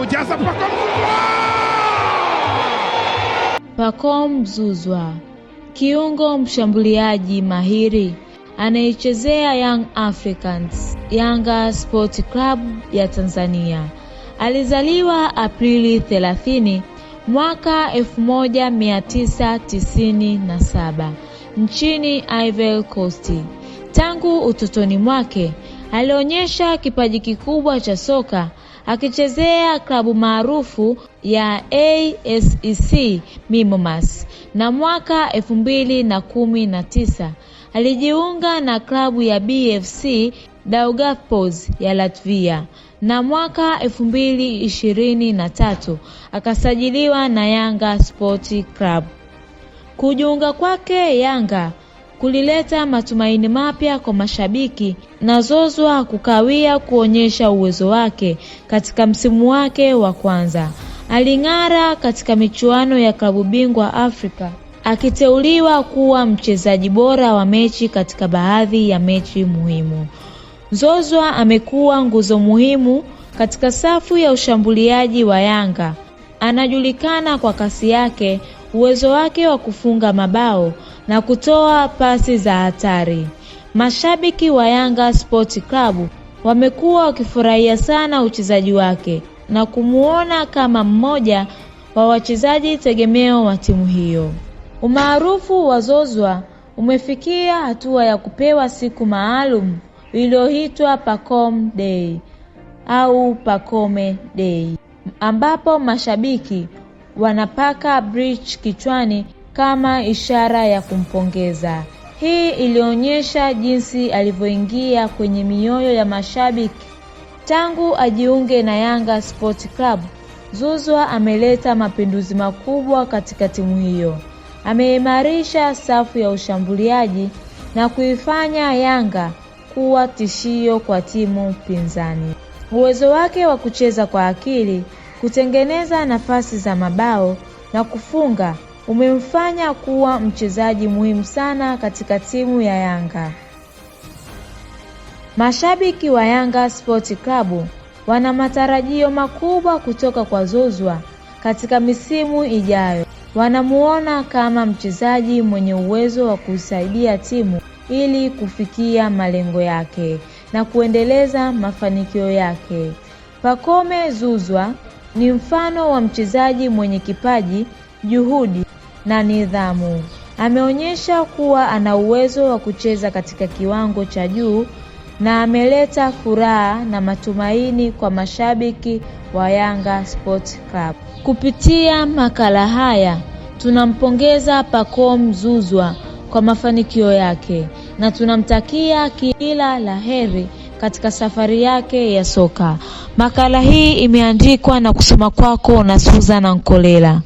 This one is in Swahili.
Ujaza Pacome Zuzwa. Pacome Zuzwa, kiungo mshambuliaji mahiri anayechezea Young Africans Yanga Sport Club ya Tanzania. Alizaliwa Aprili 30 mwaka 1997 nchini Ivory Coast. Tangu utotoni mwake alionyesha kipaji kikubwa cha soka akichezea klabu maarufu ya ASEC Mimomas na mwaka elfu mbili na kumi na tisa alijiunga na klabu ya BFC Daugavpils ya Latvia na mwaka elfu mbili ishirini na tatu akasajiliwa na Yanga Sport Club. Kujiunga kwake Yanga kulileta matumaini mapya kwa mashabiki na Zozwa kukawia kuonyesha uwezo wake katika msimu wake wa kwanza. Aling'ara katika michuano ya klabu bingwa Afrika akiteuliwa kuwa mchezaji bora wa mechi katika baadhi ya mechi muhimu. Zozwa amekuwa nguzo muhimu katika safu ya ushambuliaji wa Yanga. Anajulikana kwa kasi yake, uwezo wake wa kufunga mabao na kutoa pasi za hatari. Mashabiki wa Yanga Sport Club wamekuwa wakifurahia sana uchezaji wake na kumuona kama mmoja wa wachezaji tegemeo wa timu hiyo. Umaarufu wa Zozwa umefikia hatua ya kupewa siku maalum iliyoitwa Pacom Day au Pacome Day ambapo mashabiki wanapaka bridge kichwani kama ishara ya kumpongeza. Hii ilionyesha jinsi alivyoingia kwenye mioyo ya mashabiki tangu ajiunge na Yanga Sport Club. Zuzwa ameleta mapinduzi makubwa katika timu hiyo. Ameimarisha safu ya ushambuliaji na kuifanya Yanga kuwa tishio kwa timu pinzani. Uwezo wake wa kucheza kwa akili, kutengeneza nafasi za mabao na kufunga umemfanya kuwa mchezaji muhimu sana katika timu ya Yanga. Mashabiki wa Yanga Sports Club wana matarajio makubwa kutoka kwa Zuzwa katika misimu ijayo. Wanamuona kama mchezaji mwenye uwezo wa kusaidia timu ili kufikia malengo yake na kuendeleza mafanikio yake. Pacome Zuzwa ni mfano wa mchezaji mwenye kipaji, juhudi na nidhamu. Ameonyesha kuwa ana uwezo wa kucheza katika kiwango cha juu na ameleta furaha na matumaini kwa mashabiki wa Yanga Sports Club. Kupitia makala haya tunampongeza Pacome Zouzoua kwa mafanikio yake na tunamtakia kila la heri katika safari yake ya soka. Makala hii imeandikwa na kusoma kwako na Suzana Nkolela.